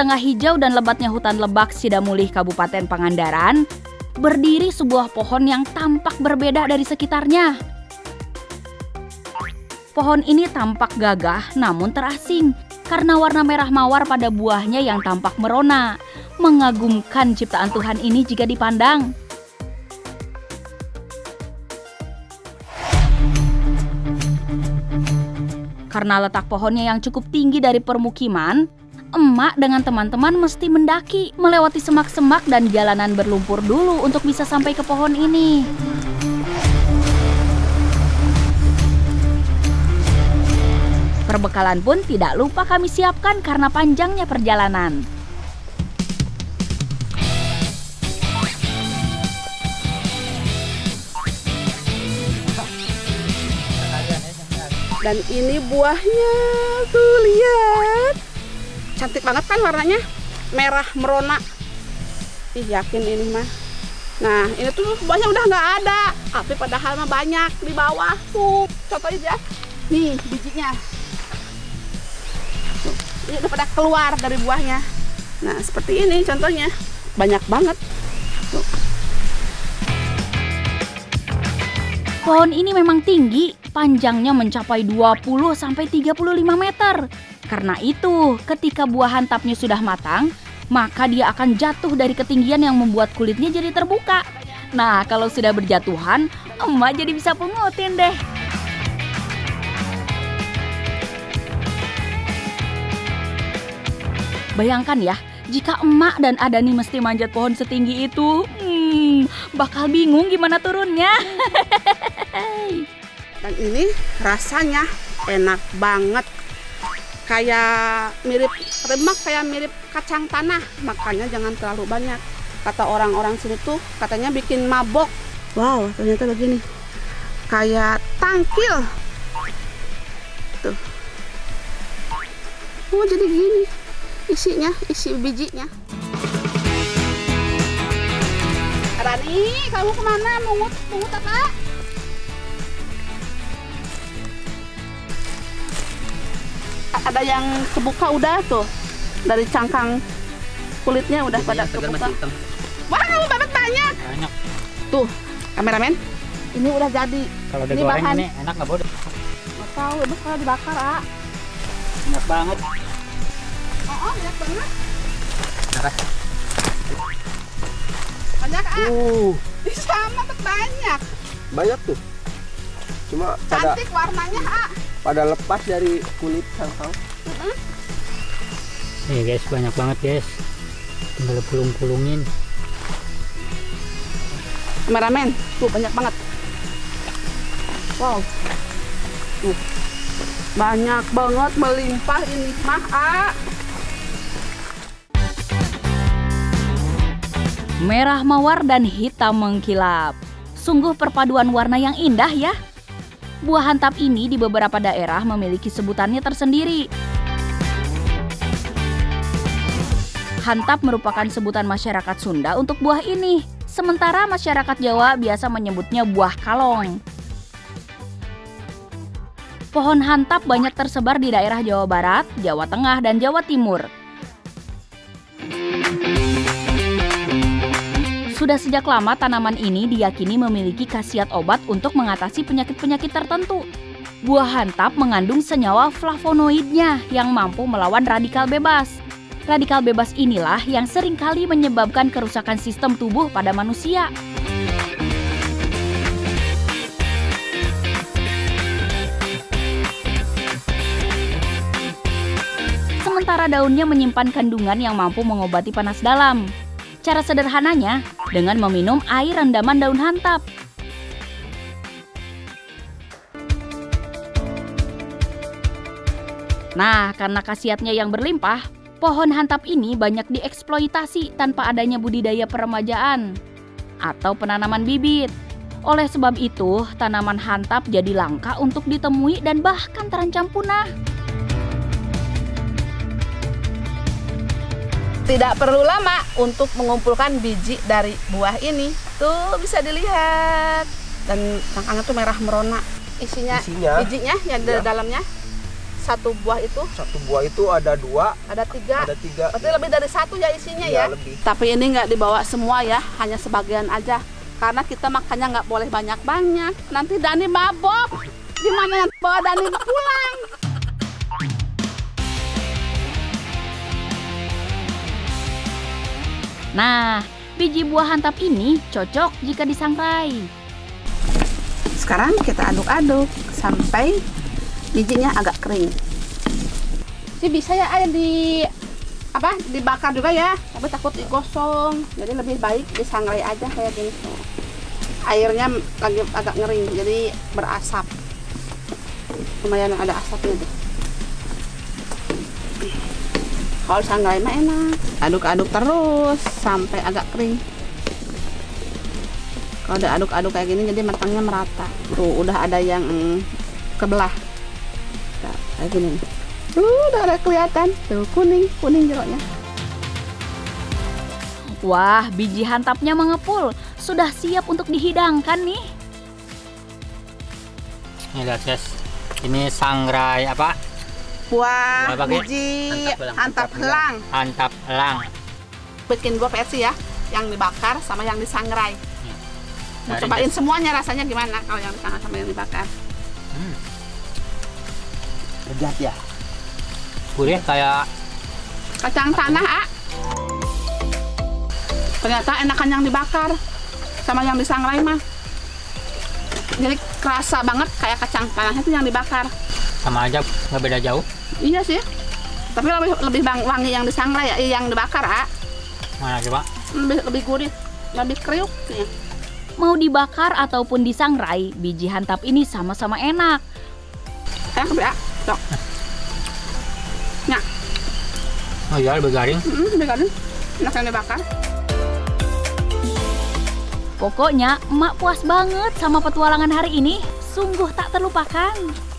tengah hijau dan lebatnya hutan lebak Sidamulih Kabupaten Pangandaran, berdiri sebuah pohon yang tampak berbeda dari sekitarnya. Pohon ini tampak gagah namun terasing karena warna merah mawar pada buahnya yang tampak merona. Mengagumkan ciptaan Tuhan ini jika dipandang. Karena letak pohonnya yang cukup tinggi dari permukiman, emak dengan teman-teman mesti mendaki, melewati semak-semak dan jalanan berlumpur dulu untuk bisa sampai ke pohon ini. Perbekalan pun tidak lupa kami siapkan karena panjangnya perjalanan. Dan ini buahnya, tuh lihat cantik banget kan warnanya merah merona Ih, yakin ini mah nah ini tuh buahnya udah nggak ada tapi padahal mah banyak di bawah tuh contohnya ya nih bijinya ini udah pada keluar dari buahnya nah seperti ini contohnya banyak banget tuh. Pohon ini memang tinggi, panjangnya mencapai 20-35 meter. Karena itu, ketika buah hantapnya sudah matang, maka dia akan jatuh dari ketinggian yang membuat kulitnya jadi terbuka. Nah, kalau sudah berjatuhan, emak jadi bisa pungutin deh. Bayangkan ya, jika emak dan Adani mesti manjat pohon setinggi itu, hmm, bakal bingung gimana turunnya. dan ini rasanya enak banget kayak mirip remak kayak mirip kacang tanah makanya jangan terlalu banyak kata orang-orang sini tuh katanya bikin mabok wow ternyata begini kayak tangkil tuh oh jadi gini isinya isi bijinya Rani kamu kemana mungut mungut apa ada yang kebuka udah tuh dari cangkang kulitnya udah pada kebuka. Wow, banget banyak. Banyak. Tuh, kameramen. Ini udah jadi. Kalau ini digoreng bahan. ini enak nggak boleh Nggak tahu, itu kalau dibakar, ah. Enak banget. Oh, oh enak banget. Darah. Banyak, ah. Uh. sama banyak. Banyak tuh. Cuma cantik ada... warnanya, ah pada lepas dari kulit kangkang. Mm -hmm. Nih iya, guys, banyak banget guys. Tinggal pulung-pulungin. Meramen, tuh banyak banget. Wow. Tuh. Banyak banget melimpah ini mah, ah. Merah mawar dan hitam mengkilap. Sungguh perpaduan warna yang indah ya buah hantap ini di beberapa daerah memiliki sebutannya tersendiri. Hantap merupakan sebutan masyarakat Sunda untuk buah ini, sementara masyarakat Jawa biasa menyebutnya buah kalong. Pohon hantap banyak tersebar di daerah Jawa Barat, Jawa Tengah, dan Jawa Timur. Sudah sejak lama tanaman ini diyakini memiliki khasiat obat untuk mengatasi penyakit-penyakit tertentu. Buah hantap mengandung senyawa flavonoidnya yang mampu melawan radikal bebas. Radikal bebas inilah yang seringkali menyebabkan kerusakan sistem tubuh pada manusia. Sementara daunnya menyimpan kandungan yang mampu mengobati panas dalam. Cara sederhananya, dengan meminum air rendaman daun hantap. Nah, karena khasiatnya yang berlimpah, pohon hantap ini banyak dieksploitasi tanpa adanya budidaya peremajaan atau penanaman bibit. Oleh sebab itu, tanaman hantap jadi langka untuk ditemui dan bahkan terancam punah. tidak perlu lama untuk mengumpulkan biji dari buah ini. Tuh bisa dilihat. Dan cangkangnya tuh merah merona. Isinya, Isinya bijinya yang di iya. dalamnya satu buah itu satu buah itu ada dua ada tiga ada tiga berarti ya. lebih dari satu ya isinya ya, ya? Lebih. tapi ini nggak dibawa semua ya hanya sebagian aja karena kita makannya nggak boleh banyak banyak nanti Dani mabok gimana yang bawa Dani pulang Nah, biji buah hantam ini cocok jika disangrai. Sekarang kita aduk-aduk sampai bijinya agak kering. Ini bisa ya ada di apa dibakar juga ya, tapi takut digosong, Jadi lebih baik disangrai aja kayak gini tuh. Airnya lagi agak ngering, jadi berasap. Lumayan ada asapnya tuh. kalau sangrai mah enak aduk-aduk terus sampai agak kering kalau udah aduk-aduk kayak gini jadi matangnya merata tuh udah ada yang mm, kebelah nah, kayak gini tuh udah ada kelihatan tuh kuning kuning jeruknya Wah, biji hantapnya mengepul. Sudah siap untuk dihidangkan nih. Ini lihat guys, ini sangrai apa? buah biji antap helang. Antap helang. Bikin dua versi ya, yang dibakar sama yang disangrai. Hmm. Mau cobain semuanya rasanya gimana kalau yang disangrai sama yang dibakar. Hmm. ya. Gurih kayak kacang tanah, ah. Ternyata enakan yang dibakar sama yang disangrai mah. Jadi kerasa banget kayak kacang tanahnya itu yang dibakar. Sama aja, nggak beda jauh. Iya sih. Tapi lebih lebih wangi yang disangrai ya, yang dibakar, ah. Mana lagi, Pak? Lebih lebih gurih, lebih kriuk ya. Mau dibakar ataupun disangrai, biji hantap ini sama-sama enak. Enak, Pak. Sok. Nah. Oh iya, lebih garing. Mm -hmm, lebih garing. Enak yang dibakar. Pokoknya, emak puas banget sama petualangan hari ini. Sungguh tak terlupakan.